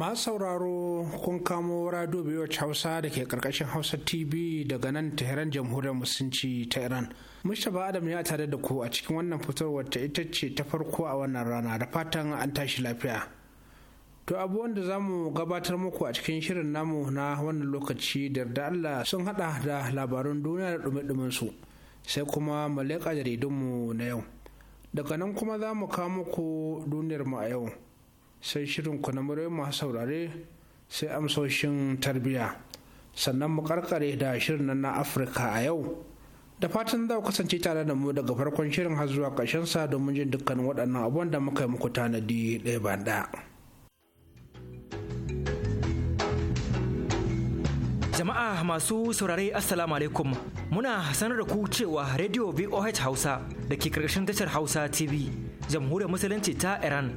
masu sauraro kun kamo rado biyu hausa da ke karkashin hausa tv daga nan tehran jamhuriyar musulunci ta iran mustapha adam ya tare da ku a cikin wannan fitarwar ta ita ce ta farko a wannan rana da fatan an tashi lafiya to abubuwan da zamu gabatar muku a cikin shirin namu na wannan lokaci da da allah sun hada da labarun duniya da dumi su sai kuma maleka jaridunmu na yau daga nan kuma za mu kawo muku duniyar mu a yau sai shirin ku na masu saurare sai amsoshin tarbiyya sannan mu karkare da shirin nan na afirka a yau da fatan za ku kasance tare da mu daga farkon shirin har zuwa ƙarshen sa domin jin dukkanin waɗannan abubuwan da muka yi muku tanadi ɗaya ba ɗaya. Jama'a masu saurare Assalamu alaikum muna sanar da ku cewa Radio VOH Hausa da ke karkashin tashar Hausa TV jamhuriyar musulunci ta Iran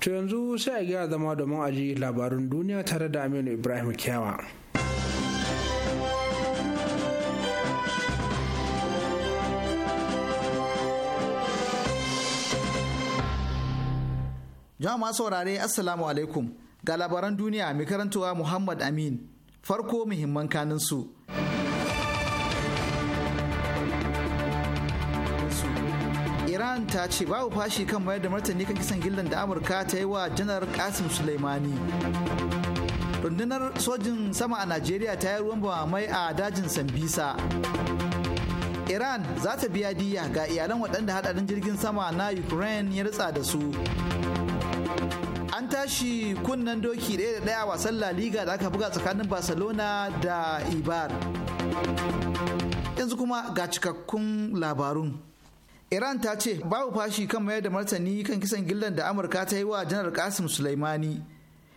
to yanzu sai a gaya zama domin ji labarun duniya tare da aminu ibrahim kyawa jama'a saurare assalamu alaikum ga labaran duniya mai karantowa muhammad amin farko muhimman kanin su iran ta ce babu fashi kan mayar da martani kan kisan gillan da amurka ta yi wa janar kasim suleimani rundunar sojin sama a najeriya ta yi ruwan bamamai a dajin sambisa iran za ta biya diya ga iyalan waɗanda haɗarin jirgin sama na ukraine ya ritsa da su an tashi kunnen doki ɗaya da ɗaya wasan la liga da aka buga tsakanin barcelona da ibar yanzu kuma ga cikakkun labarun Iran ta ce babu fashi kan mayar da martani kan kisan gillan da Amurka ta yi wa janar Kasim Sulaimani.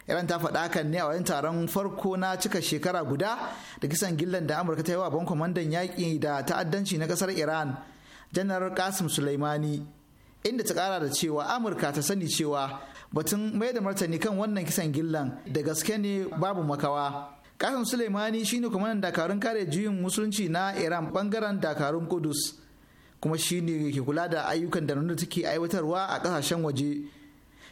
Iran ta faɗa kan ne a wajen taron farko na cika shekara guda da kisan gillan da Amurka ta yi wa bankwamandan kwamandan yaƙi da ta'addanci na ƙasar Iran, janar Kasim Sulaimani. Inda ta ƙara da cewa Amurka ta sani cewa batun mayar da martani kan wannan kisan gillan da gaske ne babu makawa. Kasim Sulaimani shine kwamandan dakarun kare juyin musulunci na Iran bangaren dakarun Kudus. kuma shi ne ke kula da ayyukan da nuna take aiwatarwa a kasashen waje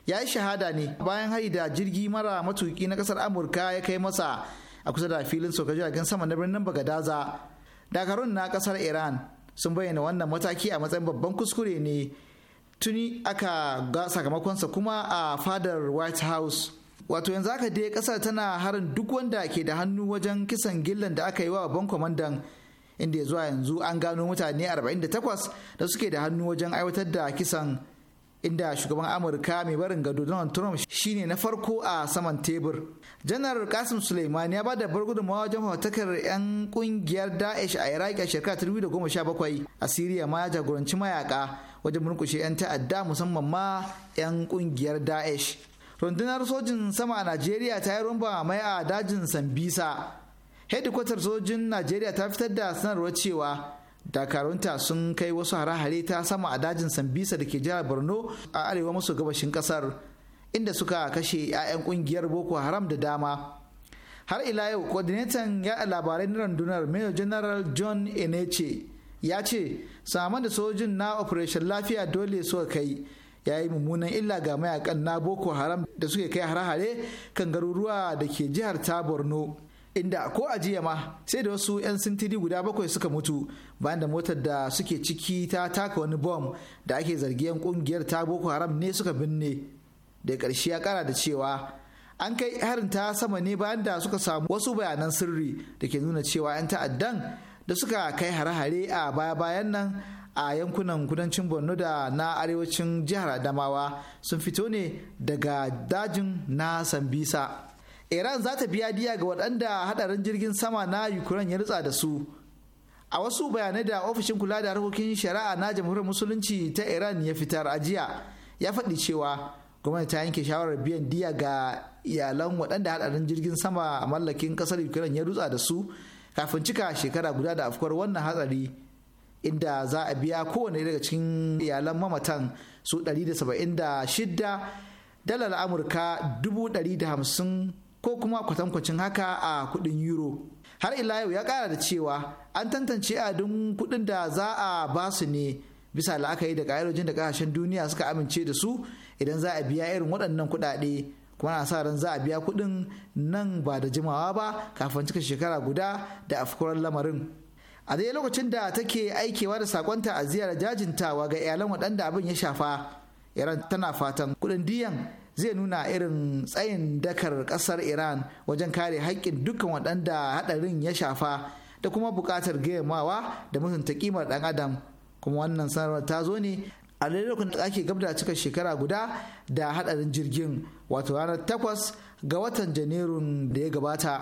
ya yi shahada ne bayan hari da jirgi mara matuki na kasar amurka ya kai masa a kusa da filin soka jiragen sama na birnin bagadaza dakarun na kasar iran sun bayyana wannan mataki a matsayin babban kuskure ne tuni aka ga sakamakonsa kuma a fadar white house wato yanzu aka dai kasar tana harin duk wanda ke da hannu wajen kisan gillan da aka yi wa babban kwamandan inda ya zuwa yanzu an gano mutane 48 da suke da hannu wajen aiwatar da kisan inda shugaban amurka mai barin gado donald trump shine na farko a saman tebur janar kasim suleiman ya bada bar gudunmawa wajen fatakar 'yan kungiyar daesh a iraq a shekarar 2017 a siriya ma ya jagoranci mayaka wajen murkushe 'yan ta'adda musamman ma 'yan kungiyar daesh rundunar sojin sama a najeriya ta yi rumba mai a dajin sambisa hedikwatar sojin najeriya ta fitar da sanarwar cewa dakarunta sun kai wasu hare-hare ta sama a dajin sambisa da ke jihar borno a arewa maso gabashin kasar inda suka kashe 'ya'yan kungiyar boko haram da dama har ila yau coordinator ya labarai na rundunar major general john enece ya ce saman da sojin na operation lafiya dole suka kai ya yi mummunan illa ga mayakan na boko haram da suke kai hare-hare kan garuruwa da ke jihar ta borno inda ko ajiya ma sai da wasu 'yan sintiri guda bakwai suka mutu bayan da motar da suke ciki ta taka wani bom da ake zargin kungiyar ta boko haram ne suka binne da karshe ya kara da cewa an kai harin ta sama ne bayan da suka samu wasu bayanan sirri da ke nuna cewa 'yan ta'addan da suka kai hare-hare a baya-bayan nan a yankunan kudancin borno da na arewacin jihar adamawa sun fito ne daga dajin na sambisa iran za ta biya diya ga waɗanda hadarin jirgin sama na ukraine ya rutsa da su a wasu bayanai da ofishin kula da harkokin shari'a na jamhuriyar musulunci ta iran ya fitar ajiya ya faɗi cewa gwamnati ta yanke shawarar biyan diya ga iyalan waɗanda hadarin jirgin sama a mallakin ƙasar ukraine ya rutsa da su kafin cika shekara guda da afkuwar wannan hatsari inda za a biya kowane daga cikin iyalan mamatan su 176 dalar amurka ko kuma kwatankwacin haka a kuɗin euro har ila yau ya kara da cewa an tantance adadin kuɗin da za a ba su ne bisa la'akari da ƙa'idojin da ƙasashen duniya suka amince da su idan za a biya irin waɗannan kuɗaɗe kuma na sa ran za a biya kuɗin nan ba da jimawa ba kafin cika shekara guda da afkuran lamarin a dai lokacin da take aikewa da sakonta a ziyarar jajintawa ga iyalan waɗanda abin ya shafa iran tana fatan kuɗin diyan zai nuna irin tsayin dakar kasar iran wajen kare haƙƙin dukkan waɗanda haɗarin ya shafa da kuma buƙatar gayyamawa da mutunta kimar ɗan adam kuma wannan sanarwar ta zo ne a lokacin da ake gabda cika shekara guda da haɗarin jirgin wato ranar takwas ga watan janairun da ya gabata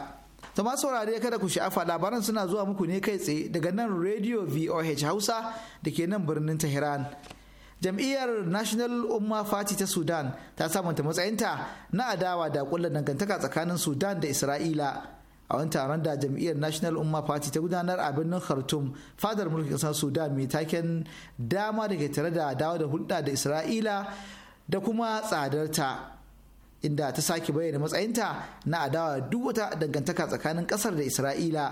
zama saurare kada ku sha'afa labaran suna zuwa muku ne kai tsaye daga nan radio voh hausa da ke nan birnin tehran jam'iyyar national umma fati ta sudan ta samunta matsayinta na adawa da kulla dangantaka tsakanin sudan da isra'ila a wani taron da jam'iyyar national umma fati ta gudanar a birnin khartoum fadar mulkin kasar sudan mai taken dama da ke tare da adawa da hulɗa da isra'ila da kuma tsadarta inda ta sake bayyana matsayinta na adawa duk wata dangantaka tsakanin kasar da isra'ila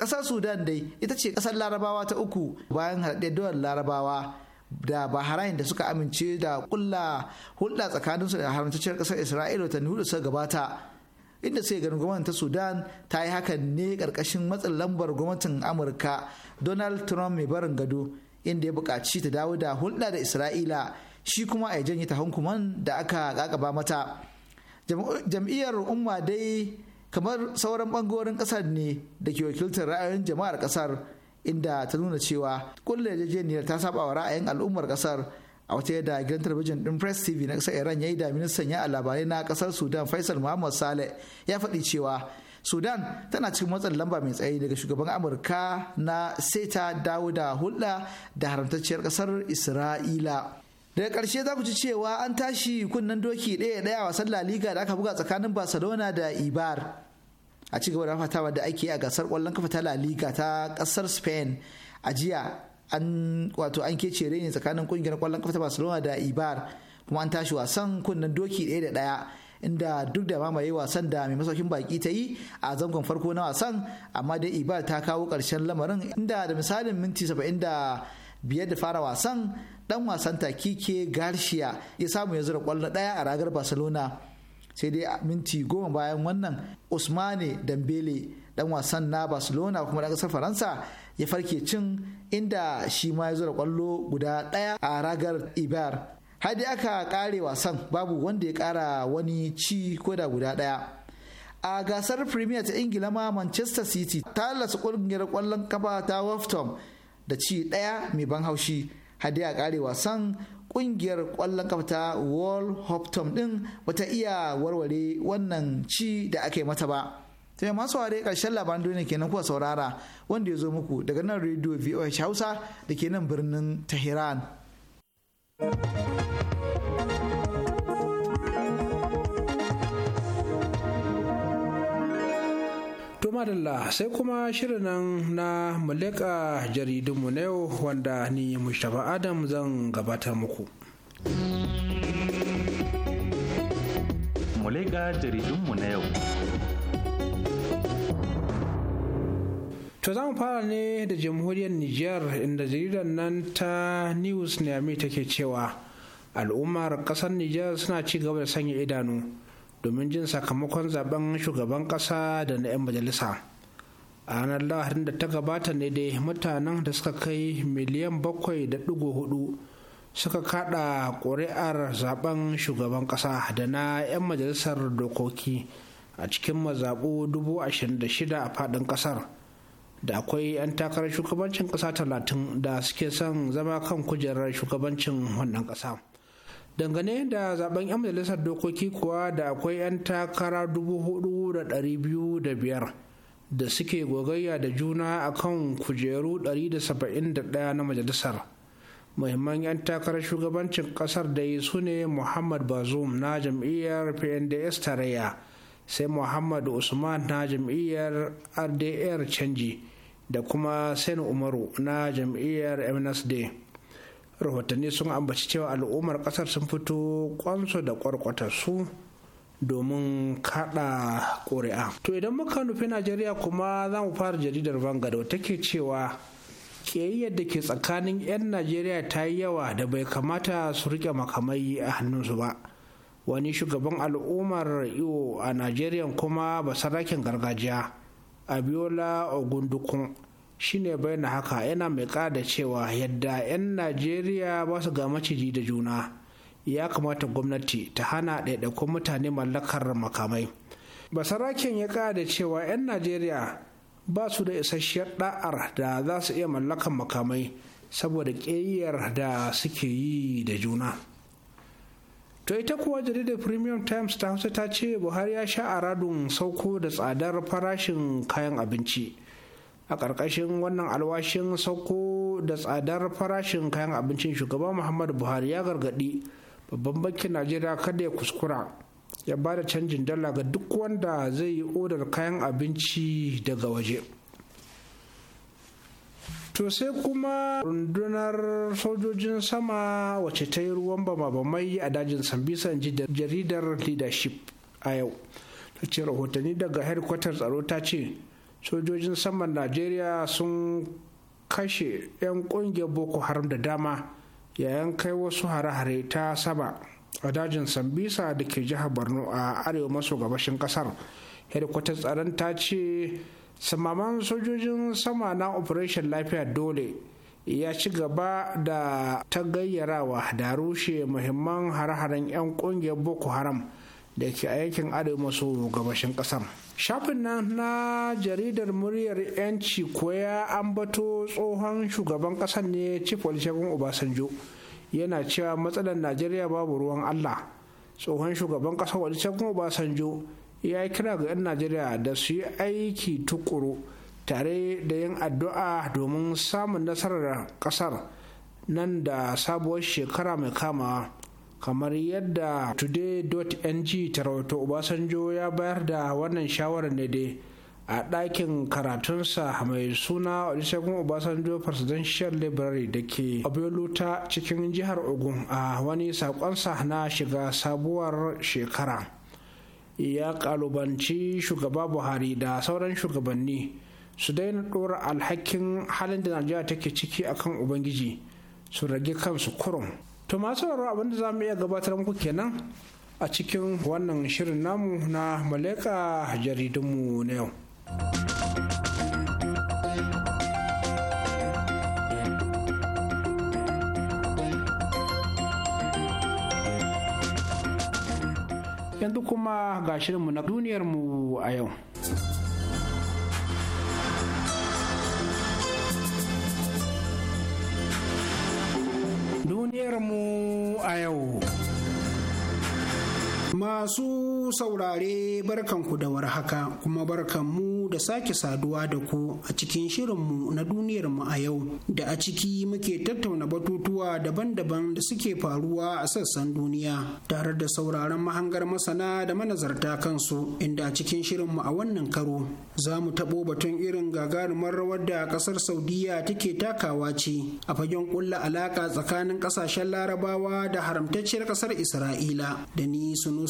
kasar sudan dai ita ce kasar larabawa ta uku bayan haɗe dawar larabawa da bahrain da suka amince da kulla hulɗa tsakanin su da haramtacciyar ƙasar isra'ila ta hudu suka gabata inda sai ganin gwamnatin ta sudan ta yi hakan ne ƙarƙashin matsin lambar gwamnatin amurka donald trump mai barin gado inda ya buƙaci ta dawo da hulɗa da isra'ila shi kuma a janye ta hankuman da aka ƙaƙaba mata jam'iyyar umma dai kamar sauran ɓangarorin ƙasar ne da ke wakiltar ra'ayoyin jama'ar ƙasar inda ta nuna cewa kullum yarjejeniyar ta saba wa ra'ayin al'ummar kasar a wata yadda gidan talabijin din press tv na kasar iran ya yi da ministan ya labarai na kasar sudan faisal muhammad sale ya faɗi cewa sudan tana cikin matsalar lamba mai tsayi daga shugaban amurka na seta dawo da hulɗa da haramtacciyar kasar isra'ila daga karshe za ku ci cewa an tashi kunnen doki ɗaya ɗaya wasan laliga da aka buga tsakanin barcelona da ibar a ci gaba da fatawa da ake a gasar kwallon kafa ta La Liga ta kasar Spain a jiya an wato an kece ne tsakanin kungiyar kwallon kafa ta Barcelona da Ibar kuma an tashi wasan kunnen doki ɗaya da ɗaya inda duk da mamaye wasan da mai masaukin baki ta yi a zangon farko na wasan amma dai Ibar ta kawo karshen lamarin inda da misalin minti saba'in da biyar da fara wasan dan wasan takike Garcia ya samu ya zura kwallo ɗaya a ragar Barcelona sai dai minti goma bayan wannan usmane dambele dan wasan na barcelona kuma dan kasar faransa ya farke cin inda shi ma ya zura kwallo guda daya a ragar ibar har aka kare wasan babu wanda ya kara wani ci ko da guda daya a gasar premier ta ingila ma manchester city ta lasa kungiyar kwallon kafa ta wolfton da ci daya mai ban haushi hadi a kare wasan kungiyar kwallon kafa ta hoptom din bata iya warware wannan ci da aka yi mata ba. Sai masu ware karshen labaran duniya kenan kuwa saurara wanda ya zo muku daga nan Radio VOH Hausa da ke nan birnin Tehran. To Dalla sai kuma shirin nan na muleka jaridunmu na yau wanda ni Mustapha Adam zan gabatar muku. Muleka jaridunmu na yau. To za mu fara ne da jamhuriyar Nijar inda jaridar nan ta News Niamey take cewa al'ummar ƙasar Nijar suna ci gaba da sanya idanu. domin jin sakamakon zaben shugaban ƙasa da na 'yan majalisa a ranar lahadin da ta gabata ne dai mutanen da suka kai miliyan bakwai da dugu hudu suka kada ƙuri'ar zaben shugaban ƙasa da na 'yan majalisar dokoki a cikin mazaɓu dubu da shida a faɗin ƙasar da akwai 'yan takarar shugabancin ƙasa talatin da suke son zama kan kujerar shugabancin wannan ƙasa. dangane da zaben 'yan majalisar dokoki kuwa da akwai 'yan takara 4,205 da suke gogayya da juna akan kujeru 171 na majalisar muhimman 'yan takarar shugabancin kasar da su ne muhammad bazoum na jam'iyyar pnds tarayya sai muhammad usman na jam'iyyar rdr canji da kuma sen umaru na jam'iyyar msd rahotanni sun ambaci cewa al'ummar kasar sun fito kwansu da kwarkwata su domin kada ƙuri'a to idan muka nufi najeriya kuma za mu fara jaridar wata ke cewa ƙiyayyar da ke tsakanin 'yan najeriya ta yi yawa da bai kamata su rike makamai a hannunsu ba wani shugaban al'ummar iwo a najeriya kuma basarakin gargajiya abiola ogundukun shine bayyana haka yana mai da cewa yadda 'yan najeriya ba su ga maciji da juna ya kamata gwamnati ta hana ɗaiɗaikun mutane mallakar makamai basaraken ya da cewa 'yan najeriya ba su da isasshiyar da'ar da za su iya mallakar makamai saboda ƙeyyar da suke yi da juna to ita kuwa jaridar premium times ta hausa ta ce buhari ya sha aradun sauko da tsadar farashin kayan abinci a ƙarƙashin wannan alwashin sauko da tsadar farashin kayan abincin shugaba muhammadu buhari ya gargaɗi babban bankin najeriya kada ya kuskura ya ba da canjin dala ga duk wanda zai yi odar kayan abinci daga waje to sai kuma rundunar sojojin sama wace ta yi ruwan bama-bamai a dajin sambisan jaridar leadership a yau ta ce rahotanni daga headquarters tsaro ta ce sojojin saman najeriya sun kashe 'yan kungiyar boko haram da dama yayin kai wasu hare-hare ta saba a dajin sambisa da ke jihar borno a arewa maso gabashin kasar hedikwatar tsaron ta ce samaman sojojin sama na operation lafiya dole ya ci gaba da ta gayyarawa da rushe muhimman hare-haren 'yan kungiyar boko haram da ke a yankin arewa maso gabashin kasar shafin nan na jaridar muryar yanci ya ambato tsohon shugaban ƙasar ne chief olusegun obasanjo yana cewa matsalar najeriya babu ruwan allah tsohon shugaban ƙasar olusegun obasanjo ya yi kira ga 'yan najeriya da su yi aiki tukuru tare da yin addu'a domin samun nasarar ƙasar nan da sabuwar shekara mai kamawa kamar yadda today.ng ta rawaito obasanjo ya bayar da wannan shawarar ne dai a ɗakin karatunsa mai suna olusegun obasanjo presidential library da ke ta cikin jihar ogun a wani sakonsa na shiga sabuwar shekara ya kalubanci shugaba buhari da sauran shugabanni su daina ɗora alhakin halin da najeriya take ciki akan ubangiji su rage kansu kurum to masu sauraro abinda za mu iya gabatar muku kenan a cikin wannan shirin namu na maleka jaridunmu na yau yanzu kuma ga shirinmu na duniyarmu a yau duniyarmu a yau. Masu saurare barkanku da warhaka kuma barkanmu da sake saduwa da ku a cikin shirinmu na duniyarmu a yau da a ciki muke tattauna batutuwa daban-daban da suke faruwa a sassan duniya tare da sauraron mahangar masana da manazarta kansu inda a cikin shirinmu a wannan karo za mu taɓo batun irin gagarumar rawar da ƙasar Saudiya take takawa ce a fagen kulla alaƙa tsakanin ƙasashen Larabawa da haramtacciyar ƙasar Isra'ila da ni sunu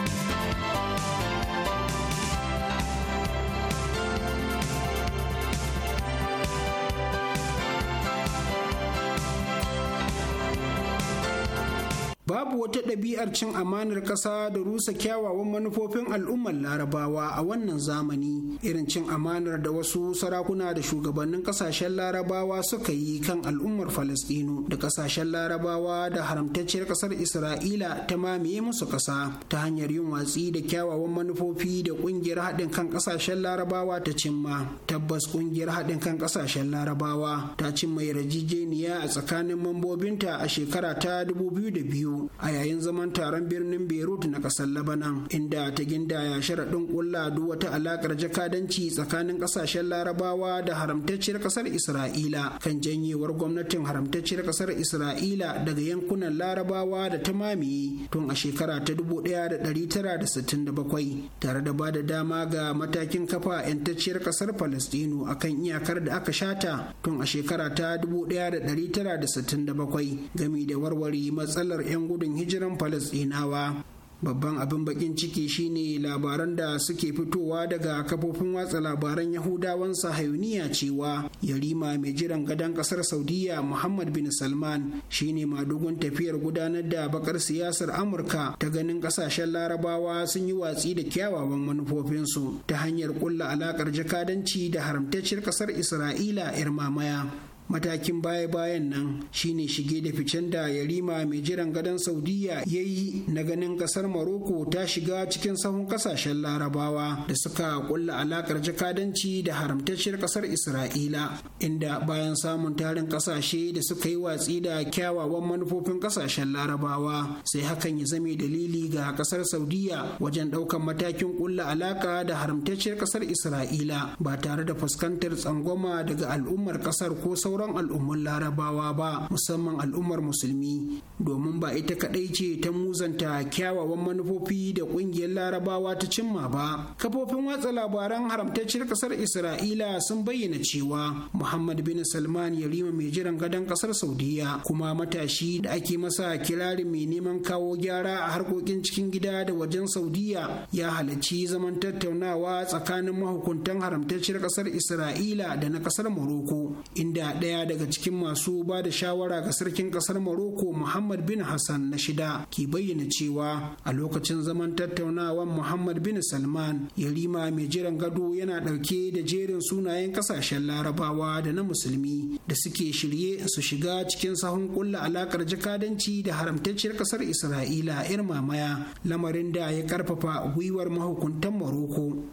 wata ɗabi'ar cin amanar ƙasa da rusa kyawawan manufofin al'ummar larabawa a wannan zamani irin cin amanar da wasu sarakuna da shugabannin ƙasashen larabawa suka yi kan al'ummar falastinu da ƙasashen larabawa da haramtacciyar ƙasar isra'ila ta mamaye musu ƙasa ta hanyar yin watsi da kyawawan manufofi da ƙungiyar haɗin kan ƙasashen larabawa ta cimma tabbas ƙungiyar haɗin kan ƙasashen larabawa ta cimma yarjejeniya a tsakanin mambobinta a shekara ta 2002 a a yayin zaman taron birnin beirut na kasar labanan inda ta ya sharaɗin ƙulla duk wata alaƙar jakadanci tsakanin ƙasashen larabawa da haramtacciyar ƙasar isra'ila kan janyewar gwamnatin haramtacciyar ƙasar isra'ila daga yankunan larabawa da ta mamaye tun a shekara ta 1967 tare da ba da dama ga matakin kafa 'yantacciyar ƙasar palestino akan iyakar da aka shata tun a shekara ta 1967 gami da warware matsalar 'yan gudun hijiran falasɗinawa babban abin bakin ciki shine labaran da suke fitowa daga kafofin watsa labaran yahudawan sahayuniya cewa yarima mai jiran gadon kasar saudiya muhammad bin salman shine madugun tafiyar gudanar da bakar siyasar amurka ta ganin kasashen larabawa sun yi watsi da kyawawan manufofinsu ta hanyar kulla alakar jakadanci da haramtacciyar kasar isra'ila irmamaya matakin baya-bayan nan shine shige da ficen da yarima mai jiran gadon saudiya ya yi na ganin kasar maroko ta shiga cikin sahun kasashen larabawa da suka kulla alakar jakadanci da haramtacciyar kasar isra'ila inda bayan samun tarin kasashe da suka yi watsi da kyawawan manufofin kasashen larabawa sai hakan ya zame dalili ga kasar saudiya wajen daukan matakin kulla alaka da haramtacciyar kasar isra'ila ba tare da fuskantar tsangwama daga al'ummar kasar ko sauran sauran al'ummar larabawa ba musamman al'ummar musulmi domin ba ita kaɗai ce ta muzanta kyawawan manufofi da ƙungiyar larabawa ta cimma ba kafofin watsa labaran haramtacciyar ƙasar isra'ila sun bayyana cewa muhammad bin salman yarima mai jiran gadon ƙasar saudiya kuma matashi da ake masa kirari mai neman kawo gyara a harkokin cikin gida da wajen saudiya ya halarci zaman tattaunawa tsakanin mahukuntan haramtacciyar ƙasar isra'ila da na ƙasar morocco inda ɗaya daya daga cikin masu ba da shawara ga sarkin ƙasar Maroko Muhammad bin Hassan na shida ke bayyana cewa a lokacin zaman tattaunawan Muhammad bin Salman Yarima mai jiran gado yana ɗauke da jerin sunayen ƙasashen Larabawa da na Musulmi da suke shirye su shiga cikin sahun kulla alakar jakadanci da haramtacciyar ƙasar Isra'ila 'yar mamaya lamarin da ya karfafa gwiwar mahukuntan Maroko.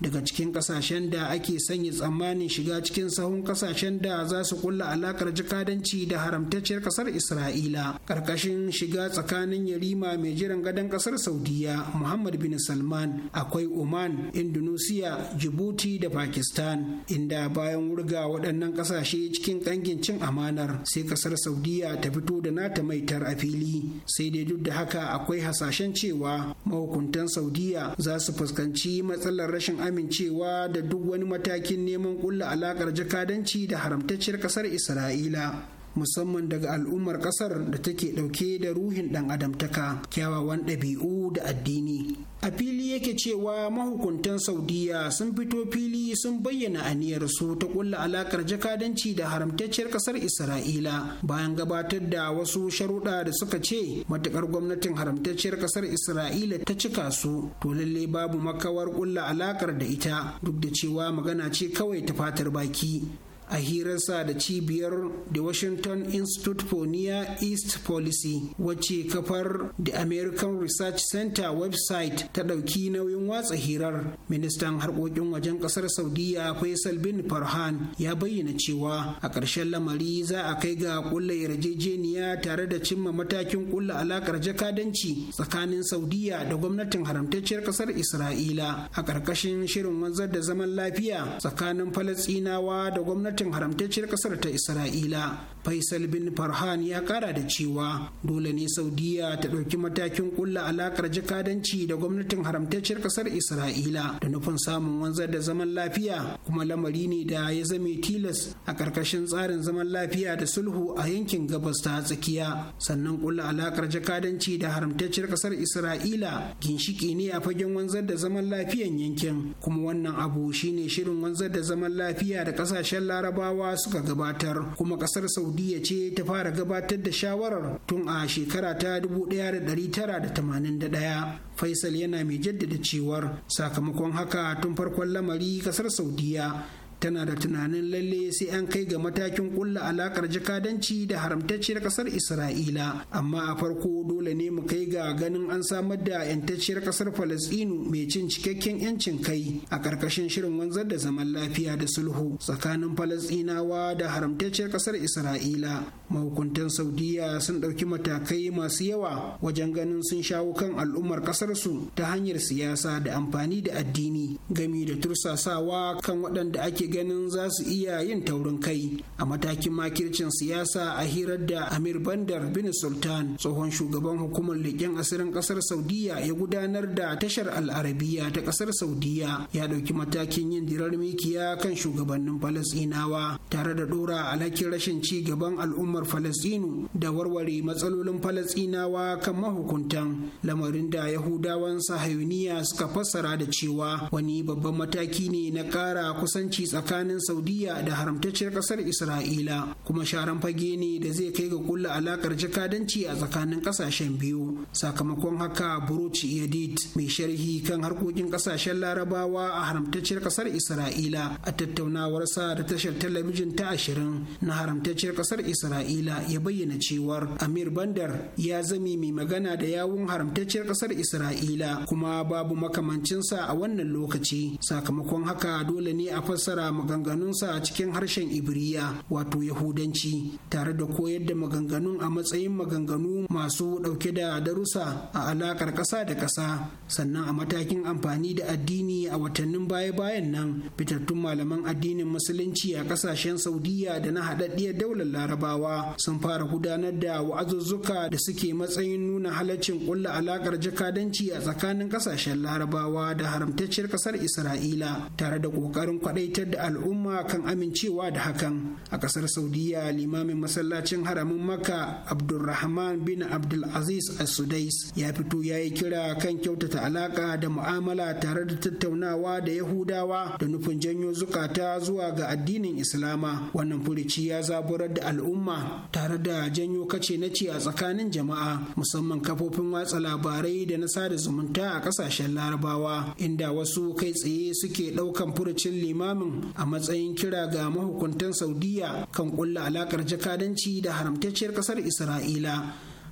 daga cikin kasashen da ake sanya tsammanin shiga cikin sahun kasashen da za su kulla alakar jikadanci da haramtacciyar kasar isra'ila karkashin shiga tsakanin yarima mai jiran gadon kasar saudiya muhammad bin salman akwai oman indonesia djibouti da pakistan inda bayan wurga waɗannan kasashe cikin ƙangin cin amanar sai kasar saudiya ta fito da nata maitar a fili sai dai duk da haka akwai hasashen cewa mahukuntan saudiya za su fuskanci matsalar rashin amincewa da duk wani matakin neman ƙulla alaƙar jakadanci da haramtacciyar ƙasar isra'ila musamman daga al'ummar kasar da take dauke da ruhin dan adamtaka kyawawan ɗabi'u da addini a fili yake cewa mahukuntan saudiya sun fito fili sun bayyana aniyar su ta kulla alakar jakadanci da haramtacciyar kasar isra'ila bayan gabatar da wasu sharuɗa da suka ce matukar gwamnatin haramtacciyar kasar isra'ila ta cika su to lalle babu makawar kulla alakar da ita duk da cewa magana ce kawai ta fatar baki a hirarsa da cibiyar the washington institute for near east policy wacce kafar the american research center website ta ɗauki nauyin watsa hirar ministan harkokin wajen ƙasar saudiya faisal bin farhan ya bayyana cewa a ƙarshen lamari za a kai ga ƙulla yarjejeniya tare da cimma matakin ƙulla alaƙar jakadanci tsakanin saudiya da gwamnatin haramtacciyar ƙasar isra'ila a ƙarƙashin shirin wanzar da zaman lafiya tsakanin falasɗinawa da gwamnatin gwamnatin haramtacciyar kasar ta isra'ila faisal bin farhan ya kara da cewa dole ne saudiya ta ɗauki matakin kulla alakar jakadanci da gwamnatin haramtacciyar ƙasar isra'ila da nufin samun wanzar da zaman lafiya kuma lamari ne da ya zame tilas a ƙarƙashin tsarin zaman lafiya da sulhu a yankin gabas ta tsakiya sannan kulla alakar jakadanci da haramtacciyar ƙasar isra'ila ginshiki ne a fagen wanzar da zaman lafiyan yankin kuma wannan abu shine shirin wanzar da zaman lafiya da ƙasashen larabawa suka gabatar kuma ƙasar saudi saudiya ce ta fara gabatar da shawarar tun a shekara ta 1981 faisal yana mai jaddada cewar sakamakon haka tun farkon lamari kasar saudiya tana da tunanin lalle sai an kai ga matakin kulla alakar jakadanci da haramtacciyar kasar isra'ila amma a farko dole ne mu kai ga ganin an samar da yantacciyar kasar falasɗinu mai cin cikakken yancin kai a ƙarƙashin shirin wanzar da zaman lafiya da sulhu tsakanin falasɗinawa da haramtacciyar kasar isra'ila mahukuntan saudiya sun ɗauki matakai masu yawa wajen ganin sun shawo kan al'ummar ƙasarsu ta hanyar siyasa da amfani da addini gami da tursasawa kan waɗanda ake ganin za su iya yin taurin kai a matakin makircin siyasa a hirar da amir bandar bin sultan tsohon shugaban hukumar leƙen asirin ƙasar saudiya ya gudanar da tashar al'arabiya ta ƙasar saudiya ya ɗauki matakin yin dirar mikiya kan shugabannin Falasinawa. tare da ɗora alhakin rashin ci gaban al'ummar Falasinu da warware matsalolin Falasinawa kan mahukuntan lamarin da yahudawan sahayuniya suka fassara da cewa wani babban mataki ne na ƙara kusanci tsakanin saudiya da haramtacciyar kasar isra'ila kuma sharan fage ne da zai kai ga kulla alakar jakadanci a tsakanin kasashen biyu sakamakon haka buruci yadid mai sharhi kan harkokin kasashen larabawa a haramtacciyar kasar isra'ila a tattaunawarsa da tashar talabijin ta ashirin na haramtacciyar kasar isra'ila ya bayyana cewar amir bandar ya zami mai magana da yawun haramtacciyar kasar isra'ila kuma babu makamancinsa a wannan lokaci sakamakon haka dole ne a fassara maganganunsa a cikin harshen ibriya wato yahudanci tare da koyar da maganganun a matsayin maganganu masu dauke da darussa a alakar ƙasa da ƙasa sannan a matakin amfani da addini a watannin baya-bayan nan fitattun malaman addinin musulunci a kasashen saudiya da na haɗaɗɗiyar daular larabawa sun fara gudanar da wa'azuzzuka da suke matsayin nuna halaccin ƙulla alakar jakadanci a tsakanin ƙasashen larabawa da haramtacciyar ƙasar isra'ila tare da ƙoƙarin kwaɗaitar da da al'umma kan amincewa da hakan a kasar saudiya limamin masallacin haramin makka abdulrahman bin abdulaziz al-sudais ya fito ya yi kira kan kyautata alaka da mu'amala tare da tattaunawa da yahudawa da nufin janyo zukata zuwa ga addinin islama wannan furici ya zaburar da al'umma tare da janyo kace na ce a tsakanin jama'a musamman kafofin watsa labarai da na sada zumunta a kasashen larabawa inda wasu kai tsaye suke ɗaukan furucin limamin a matsayin kira ga mahukuntan saudiya kan kulla alakar jakadanci da haramtacciyar kasar isra'ila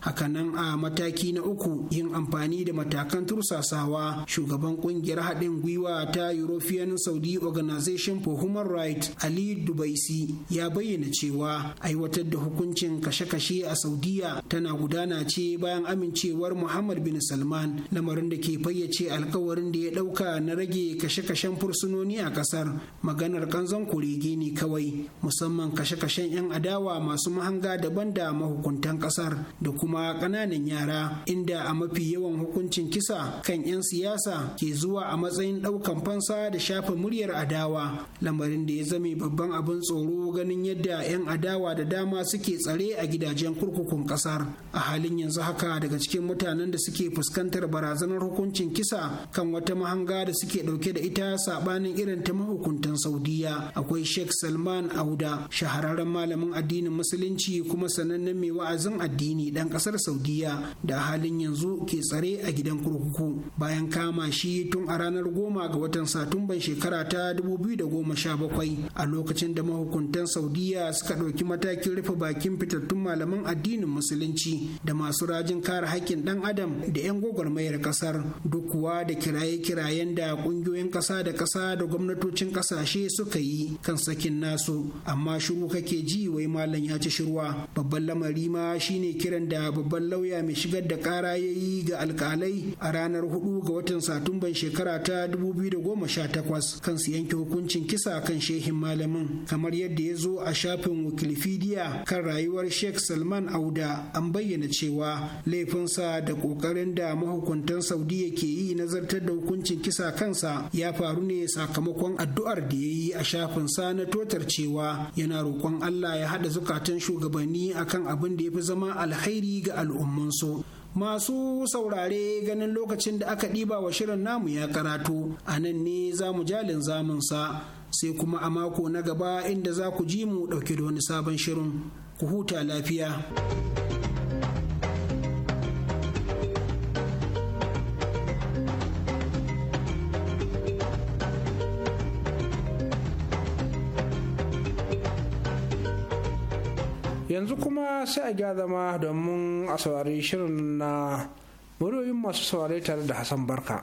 hakanan a mataki na uku yin amfani da matakan tursasawa shugaban kungiyar haɗin gwiwa ta european saudi organization for human rights ali dubaisi ya bayyana cewa aiwatar da hukuncin kashe-kashe a saudiya tana gudana ce bayan amincewar muhammad bin salman lamarin da ke fayyace alkawarin da ya ɗauka na rage kashe-kashen fursunoni a ƙasar maganar kanzon kurege ne kawai musamman kashe-kashen 'yan adawa masu mahanga daban da mahukuntan ƙasar da kuma kuma ƙananan yara inda a mafi yawan hukuncin kisa kan 'yan siyasa ke zuwa a matsayin ɗaukan fansa da shafa muryar adawa lamarin da ya zame babban abin tsoro ganin yadda 'yan adawa da dama suke tsare a gidajen kurkukun ƙasar a halin yanzu haka daga cikin mutanen da suke fuskantar barazanar hukuncin kisa kan wata mahanga da suke ɗauke da ita saɓanin irin ta mahukuntan saudiya akwai sheikh salman auda shahararren malamin addinin musulunci kuma sanannen mai wa'azin addini ɗan ƙasar kasar saudiya da halin yanzu ke tsare a gidan kurkuku bayan kama shi tun a ranar goma ga watan satumban shekara ta 2017 a lokacin da mahukuntan saudiya suka ɗauki matakin rufe bakin fitattun malaman addinin musulunci da masu rajin kare haƙƙin ɗan adam da 'yan gwagwarmayar kasar duk kuwa da kiraye-kirayen da ƙungiyoyin ƙasa da ƙasa da gwamnatocin ƙasashe suka yi kan sakin nasu amma shiru kake ji wai malam ya ci shirwa babban lamari ma shine kiran da babban lauya mai shigar da kara ya yi ga alkalai a ranar 4 ga watan satumban shekara ta 2018 kan su yanke hukuncin kisa kan shehin malamin kamar yadda ya zo a shafin wikipedia kan rayuwar sheikh salman auda an bayyana cewa laifinsa da kokarin da mahukuntan saudiya ke yi nazartar da hukuncin kisa kansa ya faru ne sakamakon addu'ar da ya yi a shafin sa na totar cewa yana roƙon allah ya haɗa zukatan shugabanni akan abin da ya fi zama alhairi ga al'ummansu. Masu saurare ganin lokacin da aka ɗiba wa shirin namu ya karatu, a nan ne za mu jalin zamunsa sai kuma a mako na gaba inda za ku ji mu ɗauke da wani sabon shirin. Ku huta lafiya. yanzu kuma sai a gya zama domin a saurari shirin na muryoyin masu saurari tare da hassan barka.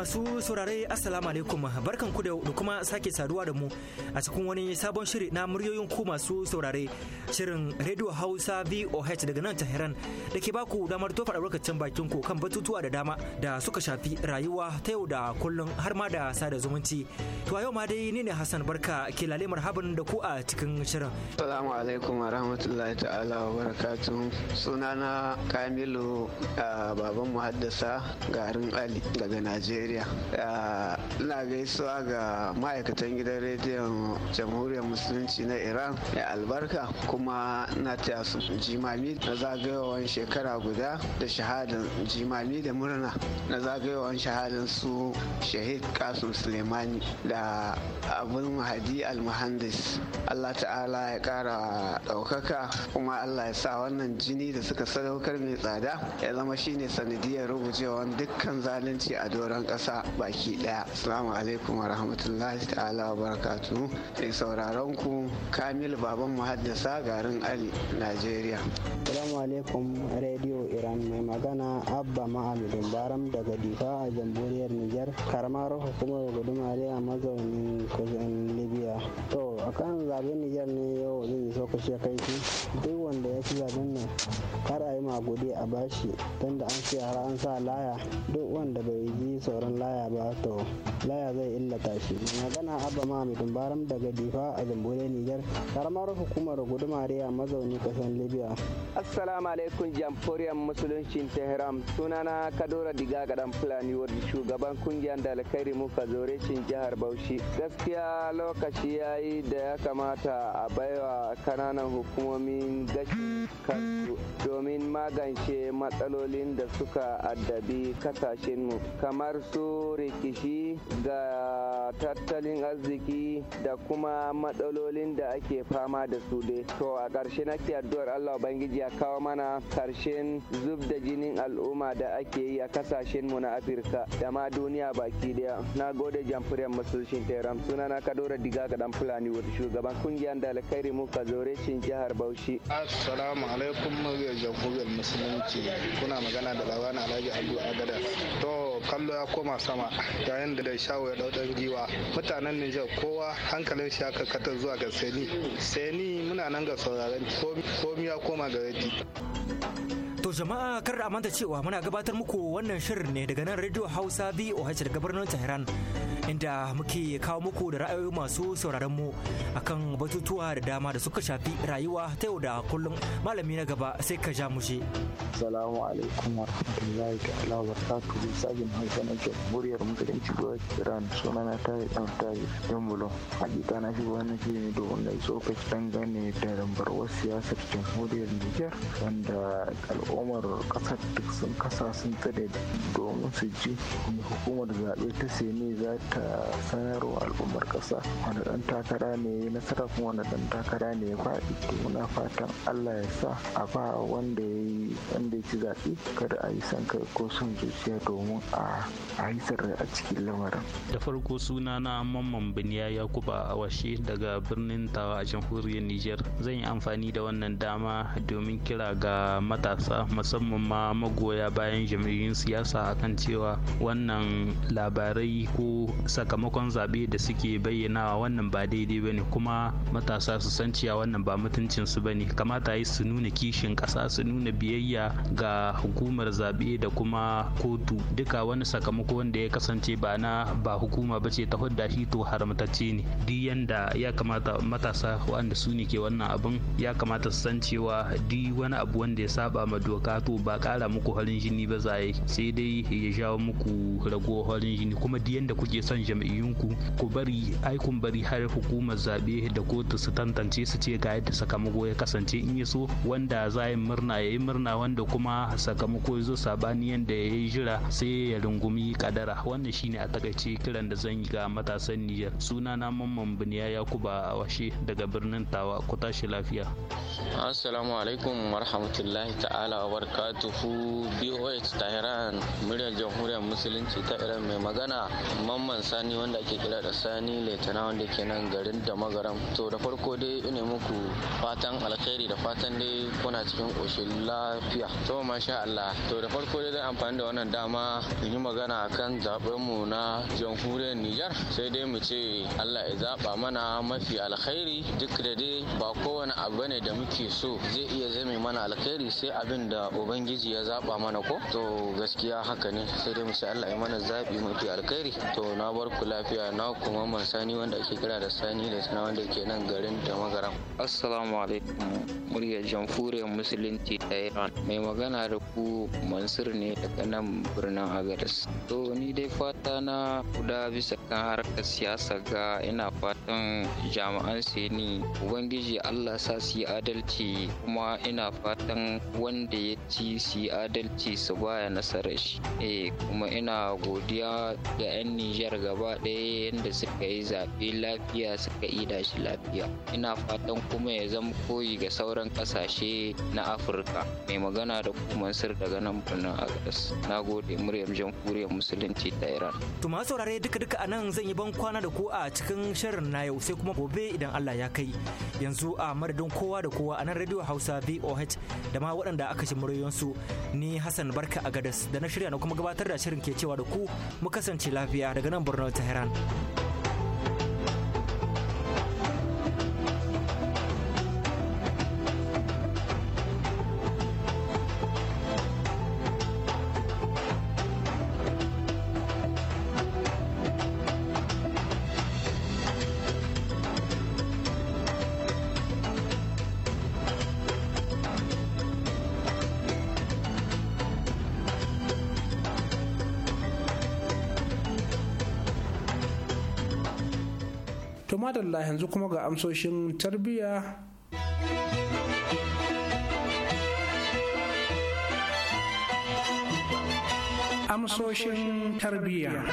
masu saurare assalamu alaikum barkan ku da kuma sake saduwa da mu a cikin wani sabon shiri na muryoyin ku masu saurare shirin Radio Hausa VOH daga nan Tehran da ke baku damar tofa lokacin bakin ku kan batutuwa da dama da suka shafi rayuwa ta yau da kullun har ma da sada zumunci. To yau ma dai ni ne Hassan Barka ke lale marhaban da ku a cikin shirin. Assalamu alaikum wa rahmatullahi ta'ala wa barakatuh. Sunana Kamilu ah, baban muhaddasa garin Ali daga Najeriya. najeriya ah, ina gaisuwa ga ma'aikatan gidan rediyon jamhuriyar musulunci na iran mai albarka kuma na taya su jimami na zagayowar shekara guda da shahadin jimami da murna na zagayowar shahadin su shahid kasum suleimani da abul mahadi almuhandis allah ta'ala ya kara daukaka kuma allah ya sa wannan jini da suka sadaukar mai tsada ya zama shine sanadiyar rugujewan dukkan zalunci a doron ƙasa ƙasa baki ɗaya. Assalamu alaikum wa rahmatullahi ta'ala wa barakatu. Mai sauraron ku Kamil Baban Muhaddasa garin Ali, Najeriya. Assalamu alaikum Radio Iran mai magana Abba Ma'amudin Baram daga Difa a jamhuriyar Nijar, karamar hukumar gudumare a mazaunin Kuzin Libya. To, kan zaben Nijar ne yau zan yi shi kai duk wanda ya ci zaben nan har a yi magudi a bashi tunda an ce har an sa laya duk wanda bai ji sauran wannan laya ba to laya zai illata shi magana abba baram daga difa a jamhuriyar niger karamar hukumar gudumariya mazauni kasan libya assalamu alaikum jamhuriyar musuluncin tehran sunana kadora diga gadan fulani wadda shugaban kungiyar dalakairi muka zorecin jihar bauchi gaskiya lokaci ya yi da ya kamata a baiwa kananan hukumomin gashi kansu domin magance matsalolin da suka addabi kasashenmu kamar su su rikici ga tattalin arziki da kuma matsalolin da ake fama da su dai to a ƙarshe nake addu'ar allah ubangiji ya kawo mana ƙarshen zub da jinin al'umma da ake yi a kasashen mu na afirka da ma duniya baki daya na gode jamhuriyar suna na sunana kadora diga ga dan fulani wata shugaban kungiyar ka zaure cin jihar bauchi assalamu alaikum muryar jamhuriyar musulunci kuna magana da labarin alhaji abdu agada to kallo ya koma sama yayin da shawo ya ɗauɗar giwa mutanen Nijar kowa hankalin shi aka katar zuwa ga seni seni muna nan ga sauraron komi ya koma ga To jama'a kar a manta cewa muna gabatar muku wannan shirin ne daga nan Radio Hausa VOH daga birnin Tehran inda muke kawo muku da ra'ayoyi masu sauraron mu akan batutuwa da dama da suka shafi rayuwa ta yau da kullum malami na gaba sai ka ja mu je. Assalamu alaikum wa rahmatullahi ta'ala wa da sajin Hausa na jamhuriyar musulunci ko Iran sunan na tayi dan tayi yan bulo. Hakika na shi wannan shi ne domin na iso kai dangane da wasu siyasar jamhuriyar Niger wanda hukumar kasar duk sun kasa sun tsare domin su ji hukumar zaɓe ta sene za ta sanarwa al'ummar kasa wani ɗan takara ne ya nasara kuma wani ɗan takara ne ya faɗi to muna fatan allah ya sa a ba wanda ya yi wanda ya ci zaɓe kada a yi son kai ko son zuciya domin a haisar a cikin lamarin da farko suna na mamman biniya yakuba awashe daga birnin tawa a jamhuriyar nijar zan yi amfani da wannan dama domin kira ga matasa musamman ma magoya bayan jam'iyyun siyasa akan cewa wannan labarai ko sakamakon zaɓe da suke bayyanawa wannan ba daidai ba ne kuma matasa su san cewa wannan ba mutuncinsu ba ne kamata yi su nuna kishin ƙasa su nuna biyayya ga hukumar zaɓe da kuma kotu duka wani sakamako wanda ya kasance ba na ba hukuma ba ce ta hudda shi to haramtacce ne duk yanda ya kamata matasa waɗanda su ne ke wannan abin ya kamata su san cewa duk wani abu wanda ya saba ma doka sauka ba kara muku halin jini ba za sai dai ya jawo muku rago halin jini kuma duk yanda kuke son jam'iyyunku ku bari aikun bari har hukumar zaɓe da kotu su tantance su ce ga yadda sakamako ya kasance in ya so wanda za yi murna ya yi murna wanda kuma sakamako ya zo sabani yanda ya yi jira sai ya rungumi kadara wannan shine a takaice kiran da zan yi ga matasan Nijar suna na mamman biniya yakuba washe daga birnin tawa ku tashi lafiya assalamu alaikum warahmatullahi ta'ala ta'ala wa barakatuhu BOH muryar jamhuriyar musulunci ta Iran mai magana Mamman Sani wanda ake kira da Sani Laitana wanda ke nan garin da magaram. To da farko dai ina muku fatan alkhairi da fatan dai kuna cikin ƙoshin lafiya. To masha Allah. To da farko dai zan amfani da wannan dama in yi magana akan zaben mu na jamhuriyar Nijar sai dai mu ce Allah ya zaba mana mafi alkhairi duk da dai ba kowane abu ne da muke so zai iya zame mana alkhairi sai abin da ubangiji ya zaba mana ko to gaskiya haka ne sai dai mu ala Allah ya mana zabi mafi alkhairi to na bar ku lafiya na kuma man sani wanda ake kira da sani da sana wanda ke nan garin da magaram assalamu alaikum murya jamhuriyar musulunci ta iran mai magana da ku mansur ne daga nan birnin agaris. to ni dai fata na guda bisa kan harkar siyasa ga ina fatan jami'an seni ubangiji Allah sa su yi adalci kuma ina fatan wanda ya ci su adalci su baya nasarar shi eh kuma ina godiya ga 'yan nijar gaba ɗaya yadda suka yi zaɓe lafiya suka ida shi lafiya ina fatan kuma ya zama koyi ga sauran ƙasashe na afirka mai magana da kuma sir daga nan birnin agas na gode muryar jamhuriyar musulunci ta iran to ma saurare duka duka a nan zan yi ban kwana da ku a cikin shirin na yau sai kuma gobe idan allah ya kai yanzu a madadin kowa da kowa a nan radio hausa voh da ma waɗanda aka ji muryoyinsu ni Hassan Barka a Gadas da na shirya na kuma gabatar da shirin ke cewa da ku mu kasance lafiya daga nan birnin Tehran. alhamdulillah yanzu kuma ga amsoshin tarbiyya amsoshin tarbiyya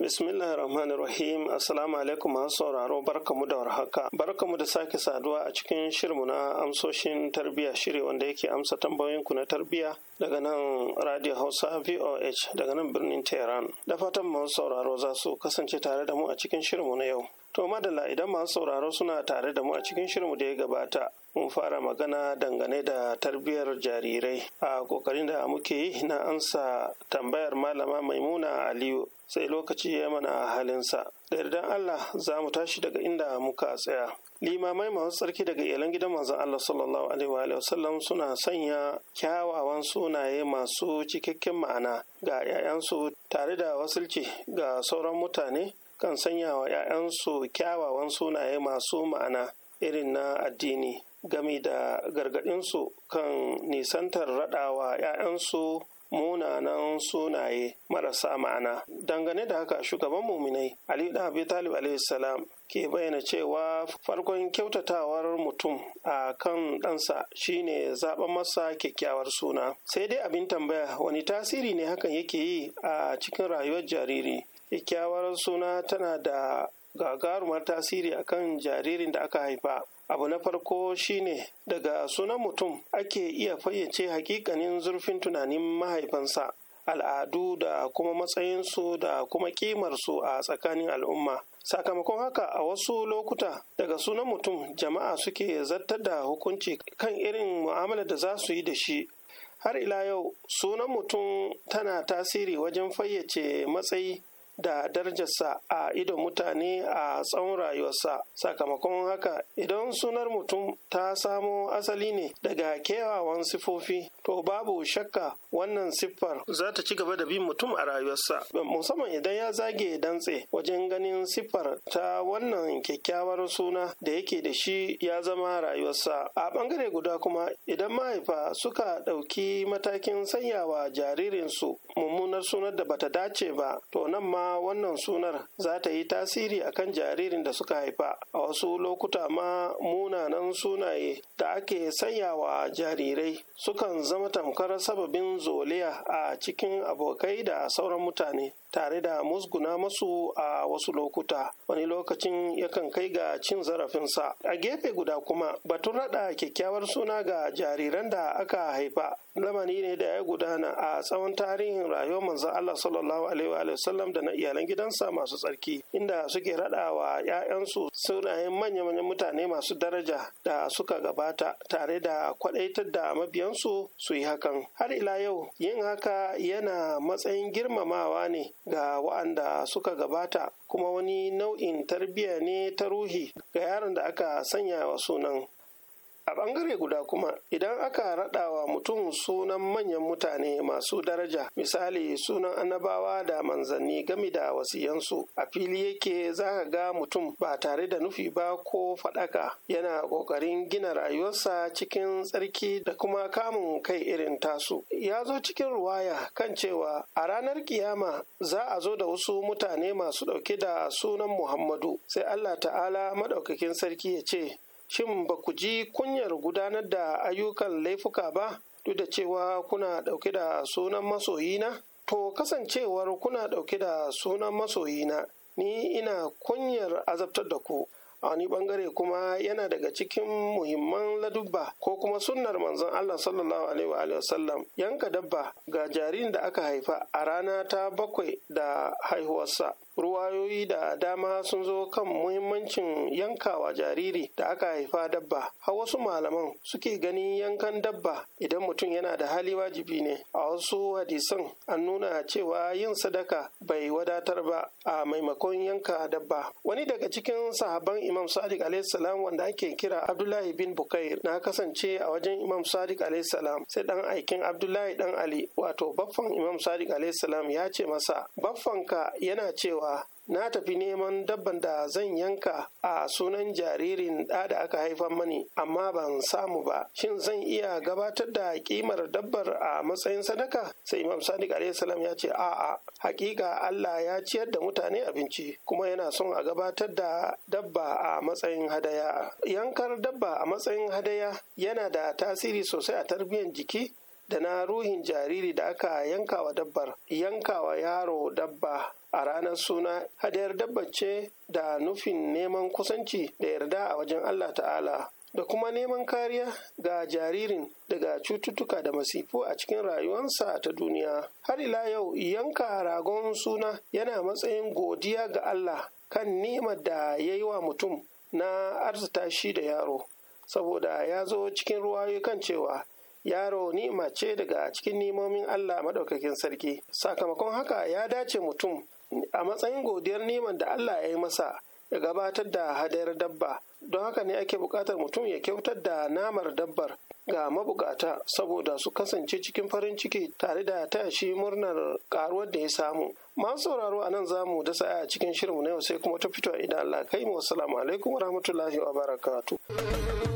Bismillah rahman rahim Assalamu alaikum masu sauraro barkamu da warhaka. Barkamu da sake saduwa a cikin shirmu na amsoshin tarbiyya shiri wanda yake amsa tambayoyinku na tarbiyya daga nan radio hausa voh daga nan birnin tehran da fatan masu sauraro za su kasance tare da mu a cikin shirinmu na yau to madalla idan masu sauraro suna tare da mu a cikin shirinmu da ya gabata mun fara magana dangane da tarbiyyar jarirai a kokarin da muke yi na ansa tambayar malama maimuna aliyu sai lokaci ya mana halinsa da yardan allah za mu tashi daga inda muka tsaya limamai masu tsarki daga iyalan gidan manzon Allah sallallahu alaihi wa sallam suna sanya kyawawan sunaye masu cikakken ma'ana ga 'ya'yansu tare da wasulci ga sauran mutane kan sanya wa 'ya'yansu kyawawan sunaye masu ma'ana irin na addini gami da gargaɗinsu kan nisantar raɗawa 'ya'yansu munanan sunaye marasa ma'ana dangane da haka shugaban muminai ali da abi talib salam ke bayyana cewa farkon kyautatawar mutum a kan ɗansa shine zaɓen masa kyakkyawar suna sai dai abin tambaya wani tasiri ne hakan yake yi a cikin rayuwar jariri kyakkyawar suna tana da gagarumar tasiri akan jaririn da aka haifa abu na farko shine daga sunan mutum ake iya fayyace hakikanin zurfin tunanin mahaifansa al'adu da kuma matsayinsu da kuma kimarsu a tsakanin al'umma sakamakon haka a wasu lokuta daga sunan mutum jama'a suke zartar da hukunci kan irin mu'amala da za su yi da shi har ila yau sunan mutum tana tasiri wajen fayyace matsayi da darajarsa a idon mutane a tsawon rayuwarsa sakamakon haka idan sunar mutum ta samo asali ne daga kewawan sifofi to babu shakka wannan siffar za ta ci gaba da bin mutum a rayuwarsa musamman idan ya zage dantse wajen ganin siffar ta wannan kyakkyawar suna da yake da shi ya zama rayuwarsa a bangare guda kuma idan mahaifa suka ɗauki matakin sanyawa jaririnsu mummunar sunar da bata dace ba to nan ma wannan sunar za ta yi tasiri a kan jaririn da suka haifa a wasu lokuta ma munanan sunaye da ake sanyawa jarirai sukan zama tamkar sababin zoliya a cikin abokai da sauran mutane tare da musguna masu a wasu lokuta wani lokacin yakan kai ga cin zarafinsa a gefe guda kuma batun rada kyakkyawar suna ga jariran da aka haifa Lamani ne da ya gudana a tsawon tarihin rayuwar Manza Allah sallallahu alaihi wa sallam da na iyalan gidansa masu tsarki inda suke rada wa 'ya'yansu sunayen manya-manyan mutane masu daraja da suka gabata tare da kwadaitar da mabiyansu su yi hakan har ila yau yin haka yana matsayin girmamawa ne ga wa'anda suka gabata kuma wani nau'in tarbiyya ne ta ruhi ga yaron da aka sanya wa sunan a bangare guda kuma idan aka raɗawa mutum sunan manyan mutane masu daraja misali sunan annabawa da manzanni gami da wasiyansu a fili yake za ka ga mutum ba tare da nufi ba ko faɗaka yana ƙoƙarin gina rayuwarsa cikin tsarki da kuma kamun kai irin tasu ya zo cikin ruwaya kan cewa a ranar kiyama za a zo da wasu mutane masu ɗauke da sunan muhammadu sai allah ta'ala maɗaukakin sarki ya ce shin ba ku ji kunyar gudanar da ayyukan laifuka ba duk da cewa kuna ɗauke da sunan masoyina? To kasancewar kuna ɗauke da sunan masoyina ni ina kunyar azabtar da ku. a wani bangare kuma yana daga cikin muhimman ladubba ko kuma sunnar manzon Allah sallallahu alaihi wa sallam yanka dabba ga jaririn da aka haifa a rana ta bakwai da haihuwarsa ruwayoyi da dama sun zo kan muhimmancin yankawa jariri da aka haifa dabba har wasu malaman suke ganin yankan dabba idan mutum yana da hali wajibi ne a wasu hadisan an nuna cewa yin sadaka bai wadatar ba a maimakon yanka dabba wani daga cikin sahaban imam sadiq alaihissalam wanda ake kira abdullahi bin bukair na kasance a wajen imam sadiq alaihissalam sai dan aikin abdullahi dan ali wato baffan imam sadiq alaihissalam ya ce masa baffanka yana cewa cewa na tafi neman dabban da zan yanka a sunan jaririn ɗa da aka haifar mani amma ban samu ba shin zan iya gabatar da kimar dabbar a matsayin sadaka sai imam sadiq salam ya ce a'a hakika allah ya ciyar da mutane abinci kuma yana son a gabatar da dabba a matsayin hadaya yankar dabba a matsayin hadaya yana da tasiri sosai a tarbiyyar jiki da na ruhin jariri da aka yankawa dabbar yankawa yaro dabba a ranar suna hadayar dabba ce da nufin neman kusanci da yarda a wajen allah ta'ala da kuma neman kariya ga jaririn daga cututtuka da masifu a cikin rayuwarsa ta duniya. Har ila yau yanka ragon suna yana matsayin godiya ga Allah kan nimar da ya yi wa mutum na arzita shi da yaro. Saboda ya zo cikin ruwa kan cewa yaro ni'ima ce daga cikin nimomin Allah maɗaukakin sarki sakamakon haka ya dace mutum a matsayin godiyar niman da Allah ya yi masa ya gabatar da hadayar dabba don haka ne ake buƙatar mutum ya kyautar da namar dabbar ga mabukata saboda su kasance cikin farin ciki tare da taya shi murnar karuwar da ya samu masu sauraro a nan zamu da sa'a cikin shirinmu na yau sai kuma ta fito idan Allah kai mu assalamu alaikum warahmatullahi wabarakatuh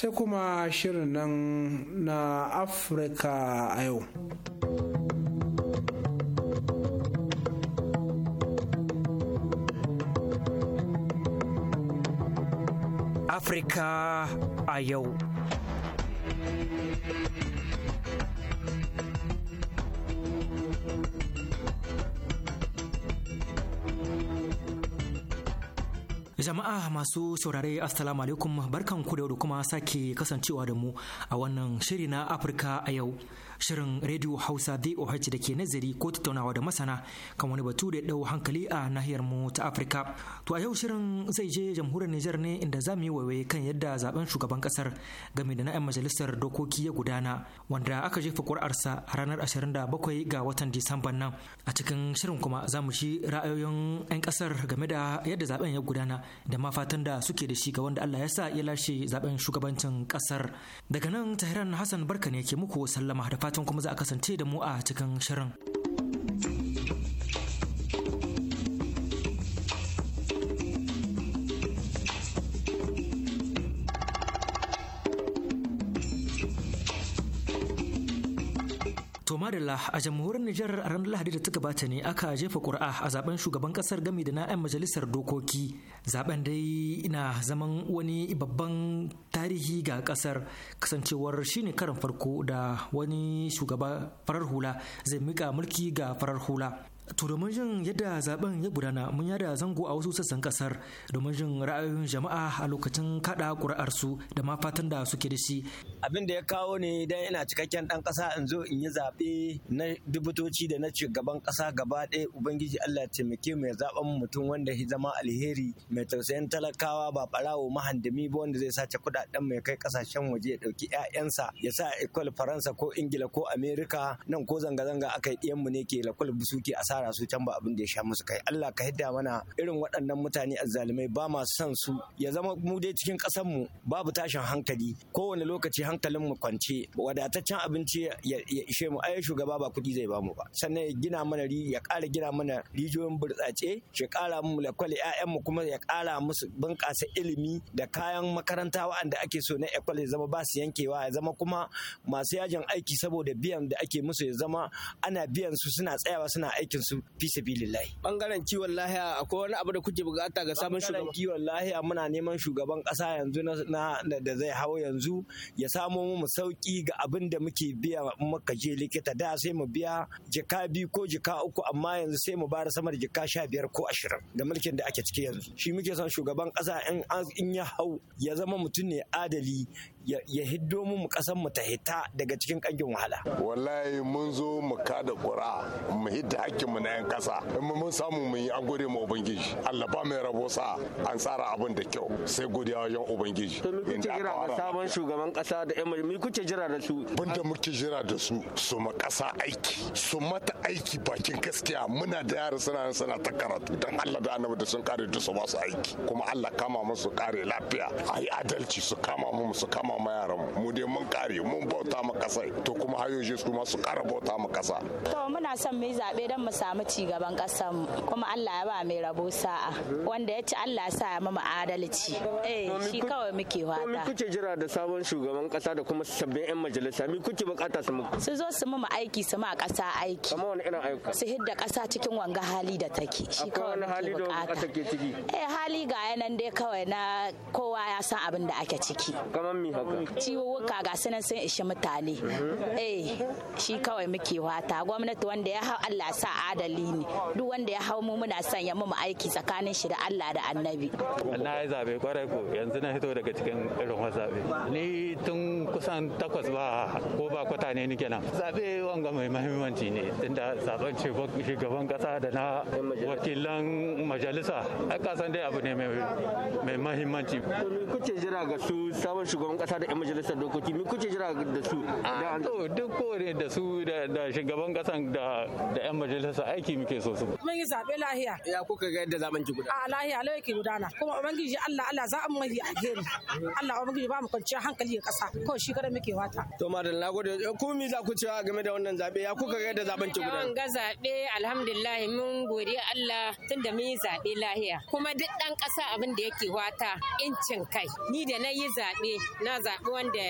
sai kuma shirin nan na afirka a yau afirka a yau Jama'a masu saurare Assalamu alaikum barkan ku da kuma sake kasancewa da mu a wannan shiri na Afirka a yau. shirin radio hausa voh da ke nazari ko tattaunawa da masana kan wani batu da ya dau hankali a nahiyar mu ta afirka to a yau shirin zai je jamhuriyar nijar ne inda za mu yi waiwai kan yadda zaben shugaban kasar game da na'yan majalisar dokoki ya gudana wanda aka jefa kuri'arsa a ranar da 27 ga watan disamban nan a cikin shirin kuma za mu shi ra'ayoyin 'yan kasar game da yadda zaben ya gudana da ma fatan da suke da shi ga wanda Allah ya sa ya lashe zaben shugabancin kasar daga nan tahiran hassan barka ne ke muku sallama da fatan kuma za a kasance da mu a cikin shirin. Tumarila a jamhuriyar Nijar a ranar Lahadi da ta gabata ne aka jefa ƙuri'a a zaben shugaban ƙasar gami da na 'yan majalisar dokoki. Zaben dai na zaman wani babban tarihi ga ƙasar kasancewar shine karan farko da wani shugaba farar hula zai mika mulki ga farar hula. To domin jin yadda zaben ya gudana mun yada zango a wasu sassan kasar domin jin ra'ayoyin jama'a a lokacin kada su da ma fatan da suke da shi. Abin da ya kawo ne dan ina cikakken dan kasa in zo in yi zaɓe na dubutoci da na shugaban kasa gaba ɗaya Ubangiji Allah taimake mai zaben mutum wanda ya zama alheri mai tausayin talakawa ba barawo mahandami ba wanda zai sace kuɗaɗen mai kai kasashen waje ya dauki 'ya'yansa ya sa ikwal Faransa ko Ingila ko Amerika nan ko zanga-zanga aka yi mu ne ke lakul busuki a asara su can ba abin da ya sha musu kai Allah ka hidda mana irin waɗannan mutane azzalumai ba ma son su ya zama mu dai cikin ƙasar mu babu tashin hankali kowane lokaci hankalin mu kwance wadataccen abinci ya ishe mu ai shugaba ba kuɗi zai bamu ba sannan ya gina mana ri ya ƙara gina mana rijiyoyin burtsatse ya ƙara mu lakwal ƴaƴan mu kuma ya ƙara musu bunƙasa ilimi da kayan makaranta waɗanda ake so na ekwal ya zama ba su yankewa ya zama kuma masu yajin aiki saboda biyan da ake musu ya zama ana biyan su suna tsayawa suna aikin su fi sabilillahi bangaren kiwon lahiya akwai wani abu da kuke bukata ga sabon shugaban kiwon lahiya muna neman shugaban kasa yanzu da zai hau yanzu ya samo mu sauki ga abin da muke biya maka je likita da sai mu biya jika biyu ko jika uku amma yanzu sai mu bara samar jika sha biyar ko ashirin da mulkin da ake ciki yanzu shi muke son shugaban kasa in ya hau ya zama mutum ne adali ya hiddo mu kasan mu ta hita daga cikin kangin wahala wallahi mun zo mu kada kura mu hidda hakkin mu na yan kasa in mun samu mun yi an gode mu ubangiji Allah ba mai rabo sa an tsara abin da kyau sai godiya wajen ubangiji to kuke jira da sabon shugaban kasa da yan mi kuke jira da su bunda muke jira da su su ma kasa aiki su mata aiki bakin gaskiya muna da yara suna suna ta karatu dan Allah da annabi da sun kare duk su ba su aiki kuma Allah kama musu kare lafiya ai adalci su kama mu su kama kama ma yaran mu dai mun kare mun bauta ma kasa, to kuma hayoji su kuma su kara bauta ma kasa to muna son mu yi zabe dan mu samu ci gaban kasar mu kuma Allah ya ba mai rabo sa'a wanda ya ci Allah ya sa ya mu adalci eh shi kawai muke wata to me kuke jira da sabon shugaban kasa da kuma sabbin yan majalisa me kuke bukata su muku su zo su mu aiki su ma kasa aiki kamar wani irin ayyuka su hidda kasa cikin wanga hali da take shi kawai muke ciki eh hali ga yanan dai kawai na kowa ya san abin da ake ciki kamar mi ciwuwuka ga sunan sun ishi mutane mhm. eh shi kawai muke wata gwamnati wanda ya hau Allah sa adali ne duk wanda ya hau mu muna son ya mu aiki tsakanin shi da Allah da annabi na yi zabe kwarai ko yanzu na hito daga cikin irin wasabe ni tun kusan takwas ba ko ba kwata ne nike nan zabe wanga mai mahimmanci ne tunda zaben shugaban kasa da na wakilan majalisa a kasan dai abu ne mai mahimmanci kuke jira ga su sabon shugaban kasa da 'yan majalisar dokoki me kuke jira da su ah, to duk kore da su da shugaban kasan da 'yan majalisar aiki muke so su mun yi zaɓe lahiya ya kuka ga yadda zaman ki guda a ah, lahiya lawa ke gudana kuma ubangiji Allah Allah za a mafi alheri Allah ubangiji ba mu kwanciyar hankali ga kasa ko shi kada muke wata to madan nagode eh, ku mi za ku cewa game da wannan zaɓe ya kuka ga yadda zaben ki gudana ga zaɓe alhamdulillah mun gode Allah tunda mun yi zaɓe lahiya kuma duk ɗan kasa abin da yake wata incin kai ni da nayi zabe na zaɓi wanda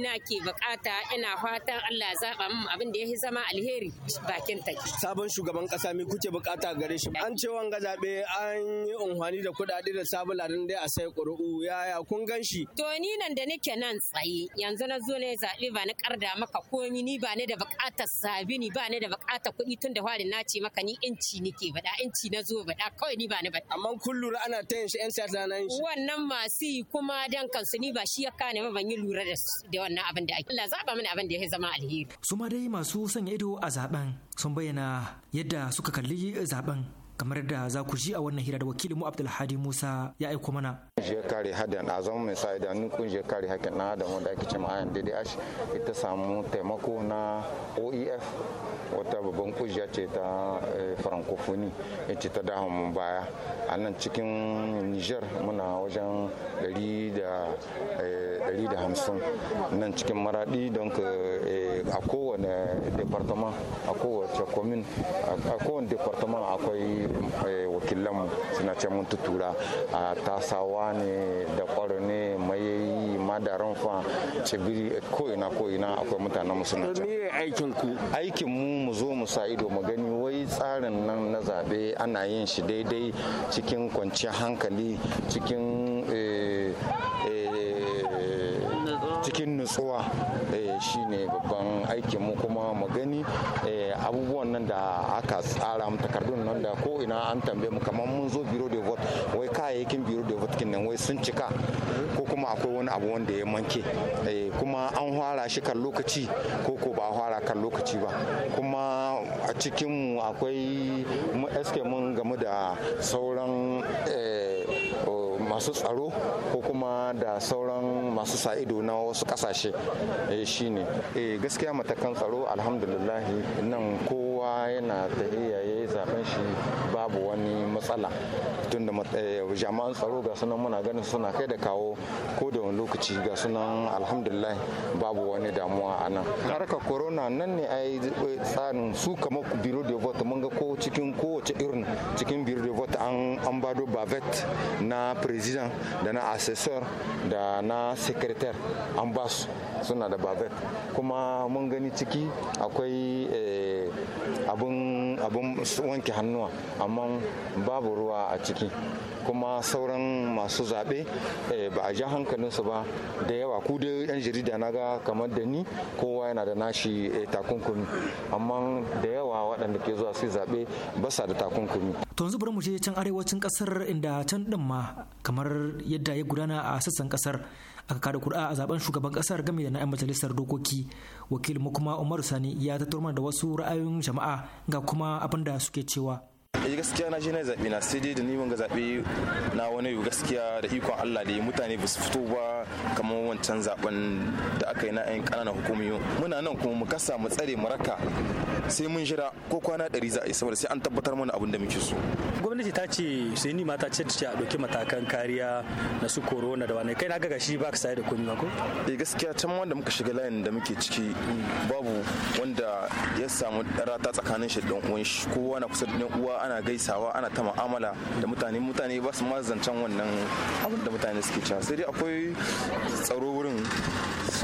na ke bukata ina fatan Allah zaɓa min abin da ya fi zama alheri bakin ta. Sabon shugaban ƙasa mi kuke bukata gare shi? An ce wanga zaɓe an yi unhwani da kuɗaɗe da sabularin don dai a sai ƙuri'u yaya kun gan shi? To ni nan da nake nan tsaye yanzu na zo ne zaɓe ba ni ƙarda maka komi ni ba ni da bukatar sabi ni ba ni da bukatar kuɗi tun da hali na ce maka ni inci nike baɗa inci na zo baɗa kawai ni ba ni ba. Amma kun lura ana ta yin shi 'yan siyasa na yin shi. Wannan masu kuma dan kansu ni ba shi ya ba ne ban yi lura da wannan abin da ake. Allah zaba mana abin da ya zama alheri. Su ma dai masu sanya ido a zaben sun bayyana yadda suka kalli zaben kamar da za ku ji a wannan hira da mu Abdulhadi Musa ya aiko mana. Kungiyar kare hadin a zama mai sa idanun kungiyar kare haƙƙin na adam wanda ake cewa ayan DDH ita samu taimako na OEF wata babban kungiya ce ta eh, francophonie ita ta dawo mun baya a nan cikin Niger muna wajen 150 eh, nan cikin maradi don eh, a kowane departement a kowace commune a kowane departement akwai Eh, wakilanmu suna can mun tutura a tasawa ne da kwaro ne mayayi madaran fa cibiri eh, ko ina ko ina akwai mutanen mu suna can aikin ku aikin mu mu zo mu sa ido mu gani wai tsarin nan na zabe ana yin shi daidai cikin kwanciyar hankali cikin eh, cikin nutsuwa shi ne babban aikin kuma mu da aka tsara mu takardun nan da ko ina an tambaye mu kamar mun zo biro de vote wai kayayyakin biro de vote kin nan wai sun cika ko kuma akwai wani abu wanda ya manke eh, kuma an fara shi kan lokaci ko ko ba fara kan lokaci ba kuma a cikin mu akwai mu eske mun game da sauran eh, masu tsaro ko kuma da sauran masu sa ido na wasu kasashe eh, shine gaskiya matakan tsaro alhamdulillah nan ko kowa yana da ya yi zaben shi babu wani matsala tun da eh, jami'an tsaro ga sunan muna ganin suna kai da kawo ko da wani lokaci ga sunan alhamdulillah babu wani damuwa a nan harka corona nan ne ai eh, tsarin su kamar biro de vote mun ga ko cikin kowace irin cikin biro de vote an bado bavet na president da na assessor da na secretary an ba su suna da bavet kuma mun gani ciki akwai eh, abun wanke hannuwa amma babu ruwa a ciki kuma sauran masu zaɓe eh, ba a ja hankalinsu ba da yawa ku da 'yan jarida na ga kamar da ni kowa yana da nashi eh, takunkumi amma da yawa waɗanda ke zuwa su zaɓe ba sa da takunkumi to yanzu bari mu je can arewacin kasar inda can ɗin ma kamar yadda ya gudana a sassan kasar. aka kada kuri'a a zaben shugaban kasar game da na majalisar dokoki wakil mukuma umaru sani ya tattauna da wasu ra'ayoyin jama'a ga kuma abin da suke cewa yi gaskiya na je na zaɓe na sai dai da ni wanga zaɓe na wani gaskiya da ikon Allah da mutane ba su fito ba kamar wancan zaɓen da aka yi na ƴan ƙananan hukumomi muna nan kuma mu kasa mu tsare mu raka sai mun jira ko kwana ɗari za a yi saboda sai an tabbatar mana abin da muke so gwamnati ta ce sai ni mata ce ce a ɗauki matakan kariya na su korona da wani kai na gaga shi ba ka saye da kuni ba ko eh gaskiya can wanda muka shiga layin da muke ciki babu wanda ya samu rata tsakanin shi da uwan shi kowa na kusa da ɗan uwa ana ana gaisawa ana ta mu'amala da mutane mutane ba su ma zancen wannan abin da mutane suke cewa sai dai akwai tsaro wurin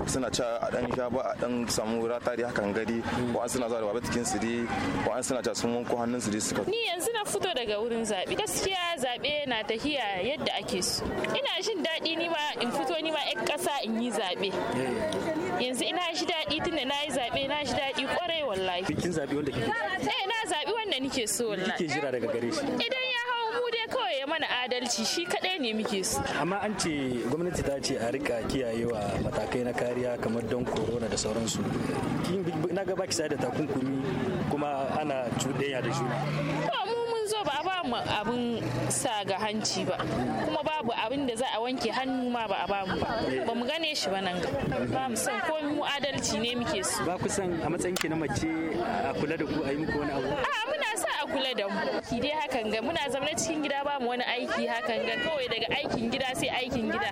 suna cewa a dan sha ba a dan samu rata da hakan gadi ko an suna zuwa da babatikin su dai ko an suna cewa sun wanko hannun su dai suka ni yanzu na fito daga wurin zabe gaskiya zabe na tahiya yadda ake so ina jin daɗi ni ma in fito ni ma ƴan ƙasa in yi zabe eh. yanzu ina shi daɗi tunda na yi zabe na shi daɗi kwarai wallahi bikin zabe wanda kike eh abin da nike so wallahi kike jira daga gare shi idan ya hawo mu dai kawai ya mana adalci shi kadai ne muke so amma an ce gwamnati ta ce a rika kiyayewa matakai na kariya kamar don corona da sauransu kin na ga baki sai da takunkumi kuma ana cuɗanya da juna zo ba ba mu abin sa ga hanci ba kuma babu abin da za a wanke hannu ma ba a ba mu ba mu gane shi ba nan ba mu san ko mu adalci ne muke su ba ku san a matsayin ki na mace a kula da ku a yi muku wani abu a muna sa a kula da mu ki dai hakan ga muna zaune cikin gida ba mu wani aiki hakan ga kawai daga aikin gida sai aikin gida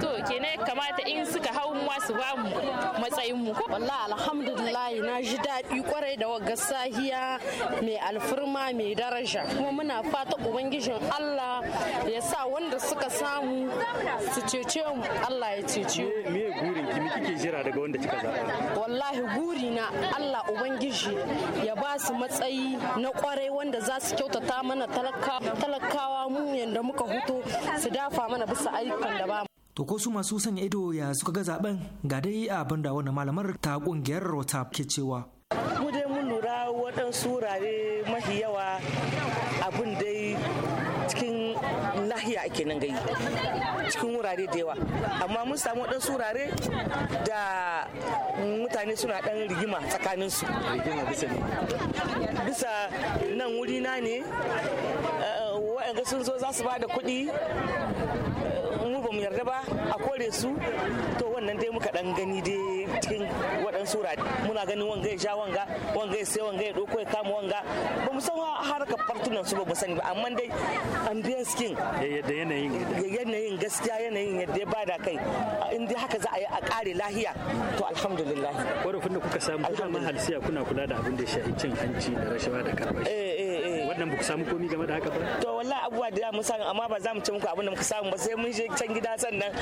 to kenan kamata in suka hau mu su ba mu matsayin mu ko wallahi alhamdulillah na ji daɗi kwarai da wagga sahiya mai alfirma mai daraja sha kuma muna fata ubangijin Allah ya sa wanda suka samu su cece mu Allah ya cece me gurin ki kike jira daga wanda kika zaba wallahi guri na Allah ubangiji ya ba su matsayi na kwarai wanda za su kyautata mana talakawa mu yanda muka huto su dafa mana bisa ayyukan da ba To ko su masu sanya ido ya suka ga zaben ga dai abin da wannan malamar ta kungiyar Rotap ke cewa. Mu dai mun lura waɗansu wurare mafi yawa abin dai cikin lahiya ake nan gai cikin wurare da yawa amma mun samu waɗansu wurare da mutane suna ɗan rigima tsakaninsu bisa nan wuri na ne eh, wa'anga sun zo za su ba da kuɗi eh, ba yarda ba a kore su to wannan dai muka dan gani dai cikin waɗansu muna ganin wanga ya sha wanga wanga ya sai wanga ya ɗauko ya kama wanga ba mu san harkar fartunan su ba mu sani ba amma dai an biya skin da yanayin yanayin gaskiya yanayin yadda ya bada kai in dai haka za a yi a ƙare lahiya to alhamdulillah korafin da kuka samu kuma halsiya kuna kula da abin da shi shafi cin hanci da rashawa da karbashi eh, wannan ba ku samu komi game da haka ba to wallahi abuwa da mu samu amma ba za mu ci muku abin da muka samu ba sai mun je can gida sannan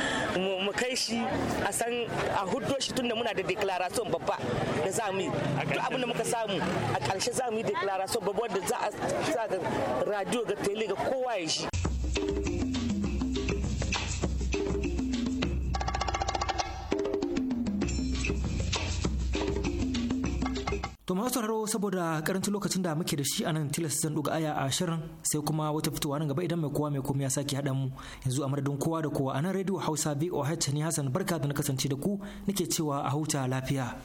mu kai shi a san a huddo shi tunda muna da declaration babba da za mu yi duk abin da muka samu a ƙarshe za mu yi declaration babba da za a radio ga tele ga kowa ya shi To masu sauraro saboda karancin lokacin da muke da shi a nan tilas zan ɗuga aya a shirin sai kuma wata fitowa nan gaba idan mai kowa mai komai ya sake haɗa mu yanzu a madadin kowa da kowa a nan rediyo Hausa VOH ne Hassan barka da na kasance da ku nake cewa a huta lafiya.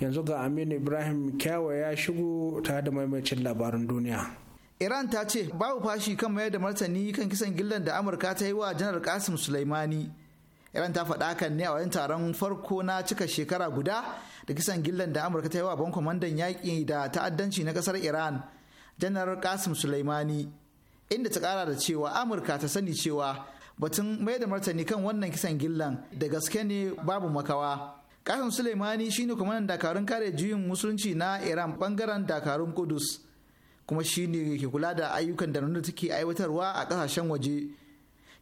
Yanzu ga Aminu Ibrahim Kyawa ya shigo tare da maimacin labaran duniya. Iran ta ce babu fashi kan mayar da martani kan kisan gillan da Amurka ta yi wa janar Kasim Sulaimani. Iran ta faɗa kan ne a wajen taron farko na cika shekara guda da kisan gillan da Amurka ta yi wa ban kwamandan yaƙi da ta'addanci na ƙasar Iran, janar Kasim Sulaimani. Inda ta ƙara da cewa Amurka ta sani cewa batun mayar da martani kan wannan kisan gillan da gaske ne babu makawa. Kasim Sulaimani shine kwamandan dakarun kare juyin musulunci na Iran bangaren dakarun Kudus. kuma shi ne ke kula da ayyukan da nuna take aiwatarwa a kasashen waje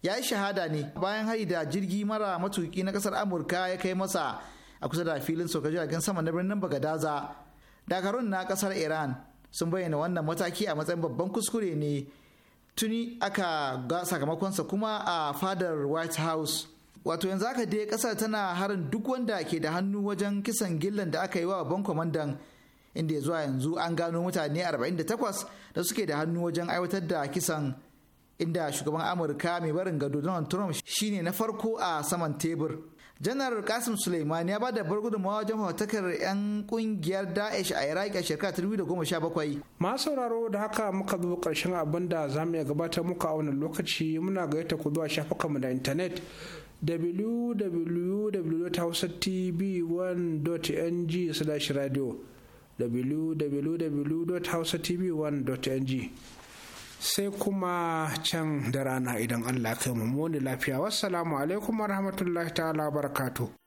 ya yi shahada ne bayan hari da jirgi mara matuki na kasar amurka ya kai masa a kusa da filin soka jiragen sama na birnin bagadaza dakarun na kasar iran sun bayyana wannan mataki a matsayin babban kuskure ne tuni aka ga sakamakonsa kuma a fadar white house wato yanzu aka dai kasar tana harin duk wanda ke da hannu wajen kisan gillan da aka yi wa babban kwamandan inda ya zuwa yanzu an gano mutane 48 da suke da hannu wajen aiwatar da kisan inda shugaban amurka mai barin gado donald trump shine na farko a saman tebur janar kasim suleiman ya ba da ma wajen hautakar 'yan kungiyar daesh a iraq a shekara 2017 ma sauraro da haka muka zo karshen abin da za mu iya gabatar muka a wannan lokaci muna gayyata ku zuwa shafukanmu da intanet www.hausatv1.ng/radio www.hausatv1.ng sai kuma can da rana idan Allah kai mu lafiya wassalamu alaikum rahmatullahi ta'ala barakatuh